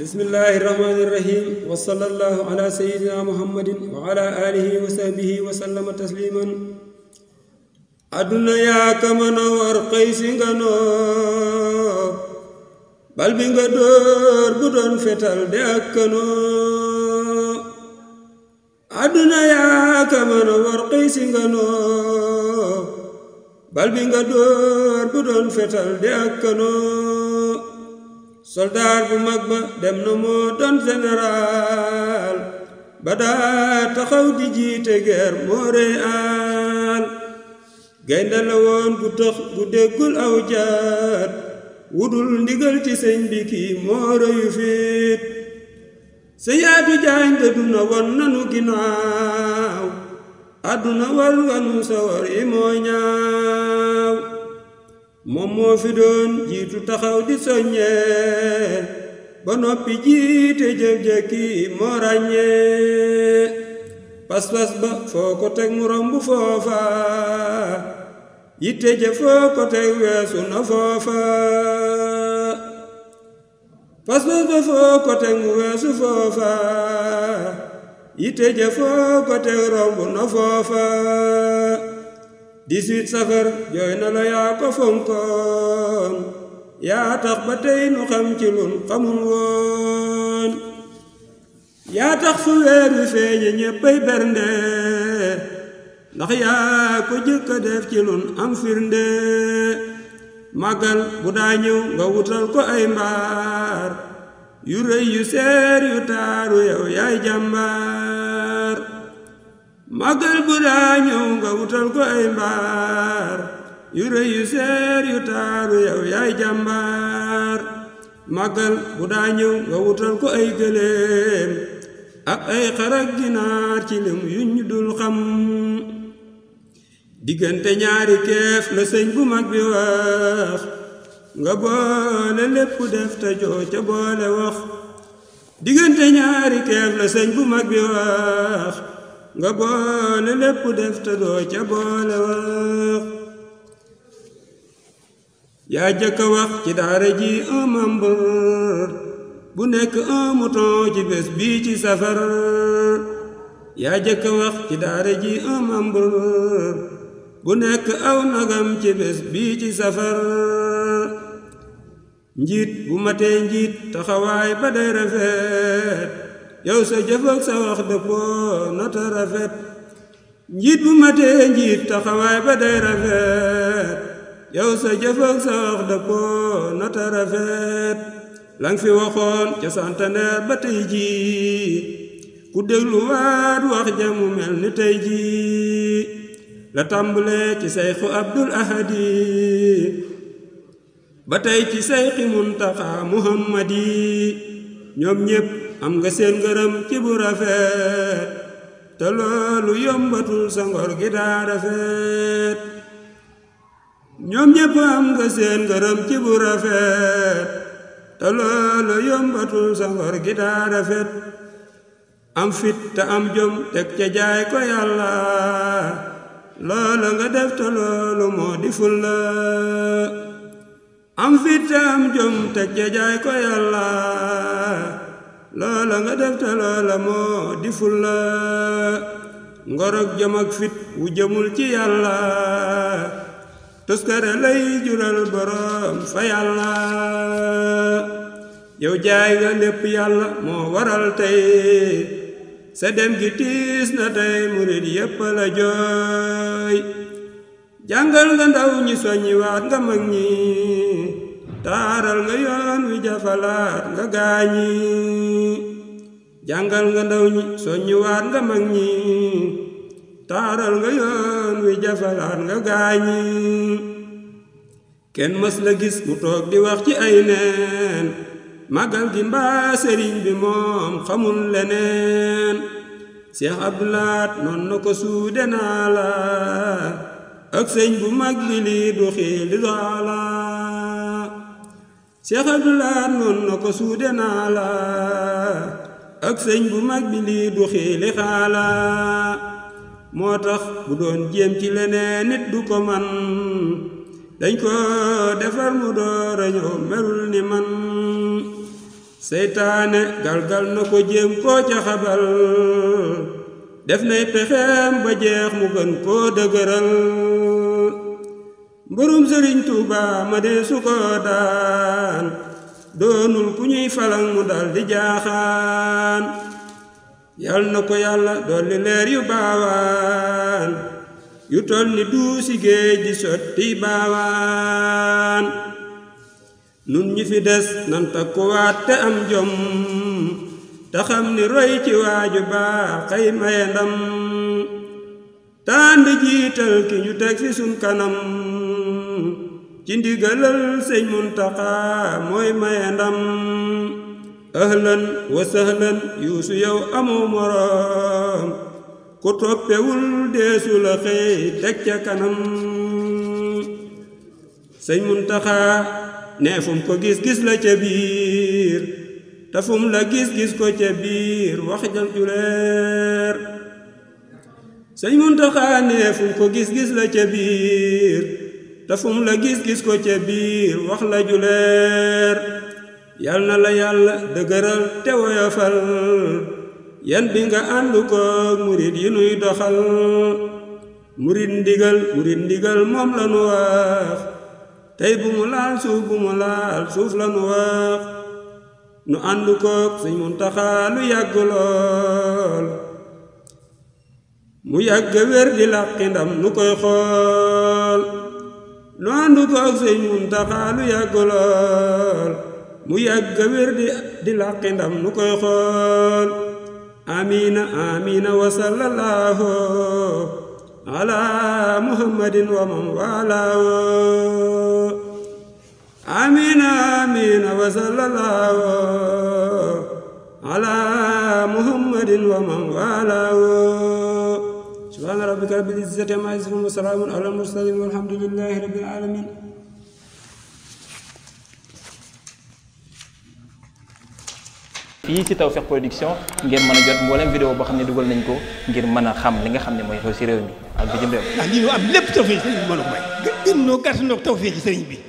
bismillahi rahmaani rahim wa sallallahu ala sayyidina muhammadin wa ala alihi wa sahbihi wa sallama tasliman aduna yaaka mën a war xëy si nga noo bal bi nga dóor bu doon fetal de ak kanoo aduna yaaka mën a war xëy si nga noo bal bi nga dóor bu doon fetal de ak kanoo soldaar bu mag ba dem na moo doon général ba daa taxaw di jiite guerre Montréal gaynde la woon gu tëx gu déggul aw jaat wudul ndigal ci sëñ bi kii moo rëyu fit sa yaatu jaay nga duna won nanu ginnaaw àdduna war wanu sawar yi moo ñaaw moom moo fi doon jiitu taxaw di soññee ba noppi jiite jëf-jëkki moo ràññee pas-pas ba foo ko teg mu romb foofa yitte ja foo ko weesu na foofa pas-pas ba foo ko mu weesu foofa yitte ja foo ko romb na foofa dix-huit safar jooy na la yaa ko fonkoon yaa tax ba tey nu xam ci lun xamul woon yaa tax fu weer wi feeñe ñéppay bernde ndax yaa ko jëkka def ci lun am firnde màggal bu daa ñëw nga wutal ko ay mbaar yu rëy yu seer yu taaru yow yaay jàmbaar màggal bu daa ñëw nga wutal ko ay mbaar yu rëy yu seer yu taaru yow yaay jàmbaar màggal bu daa ñëw nga wutal ko ay gëléem ak ay xarak ginaar ci lem yu ñu dul xam diggante ñaari keef la sëñ bu mag bi wax nga boole lépp def te ca boole wax diggante ñaari keef la sëñ bu mag bi wax nga boole lépp def te ca boole wax yaa jëkk wax ci daara ji un membre bu nekk un mouton ci bés bii ci safar yaa jëkk wax ci daara ji un membre bu nekk aw nagam ci bés bii ci safar njiit bu matee njiit taxawaay ba day rafet yow sa jëf sa wax dëppoo nata rafet njiit bu matee njiit taxawaay ba day rafet yow sa jëf ak sa wax dëppoo nata rafet lang fi waxoon ca santaneer ba tey ji ku déglu waat wax ja mel ni tey ji la tàmbulee ci sayxu abdul ahadi ba tey ci sayxi muntaxa muhammadi ñoom ñépp am nga seen ngërëm ci bu rafet te loolu yombatul sa ngor rafet ñoom ñépp am nga seen ngërëm ci bu rafet te loolu yombatul sa ngor rafet am fit te jom teg ca ko yàlla loola nga def te moo di fulla am fit te jom teg ca ko yàlla loola nga def te moo di fulla ngor ak ak fit wu jëmul ci yàlla tuskare lay jural borom fa yàlla yow jaay nga lépp yàlla moo waral tey sa dem gi tiis na tey murit yépp la jooy jàngal nga ndaw ñi soññi nga mag ñi taaral nga yoon wi jafalaat nga gaañi jàngal nga ndaw ñi soññiwaat nga mag ñi taaral nga yoon wi jafalaat nga gaañi kenn mës la gis mu toog di wax ci ay neen màggal gi mbaa bi moom xamul leneen seex abdulaat noon na ko suude naa la ak sëñ bu mag li lii du xiili daala Seex Abdulaay noon na ko suude naa la ak sëñ bu mag bi lii du xiili xaala moo tax bu doon jéem ci leneen nit du ko man dañ ko defar mu door a ñëw melul ni man seytaane galgal na ko jéem koo ca xabal def nay pexeem ba jeex mu gën koo dëgëral mburum sëriñ tuuba ma dee su ko daan doonul ku ñuy falang mu dal jaaxaan yal na ko yàlla dolli leer yu baawaan yu toll ni duusi géej di sotti baawaan nun ñi fi des nan takkuwaat te am jom te ni roy ci waaju baax xëy maye tànn jiital ki ñu teg fi suñ kanam ci ndigalal sëñ Muntaxa mooy maye ndam ahlan wa sahlan yuusu yow amoo moroom ku toppewul deesu la xëy teg ca kanam sëñ Muntaxa ne ko gis-gis la ca biir te la gis-gis ko ca biir wax jal juleer sëñ Muntaxa ne fu ko gis-gis la ca biir te la gis-gis ko ca biir wax la juleer yal na la yàlla dëgëral te woyofal yan bi nga ànd murit yi nuy doxal murit ndigal murit ndigal moom la nu wax tey bu mu laal suuf bu mu laal suuf la nu wax nu ànd ko sëñ yàgg lool mu yàgg wér di làqi nu koy xool nu àndu ko ak sëñ lu yàgg lool mu yàgg wér di di nu koy xool amina amina wa sallallahu ala muhammadin wa man walaahu amina amina wa sallallahu ala muhammadin wa man walaahu rabbika rabbil izzati ammaa yasifuun wa salaamun alal mursaliin walhamdu lillaahi rabbil aalamiin fii ci Tawfekh Production ngeen mën a jot mboolem vidéo boo xam ne dugal nañ ko ngir mën a xam li nga xam ne mooy xew ci réew mi ak bitim réew. ndax lii ñu am lépp Tawfekh sëriñ bi mën a may. gën noo gàtt noo Tawfekh sëriñ bi.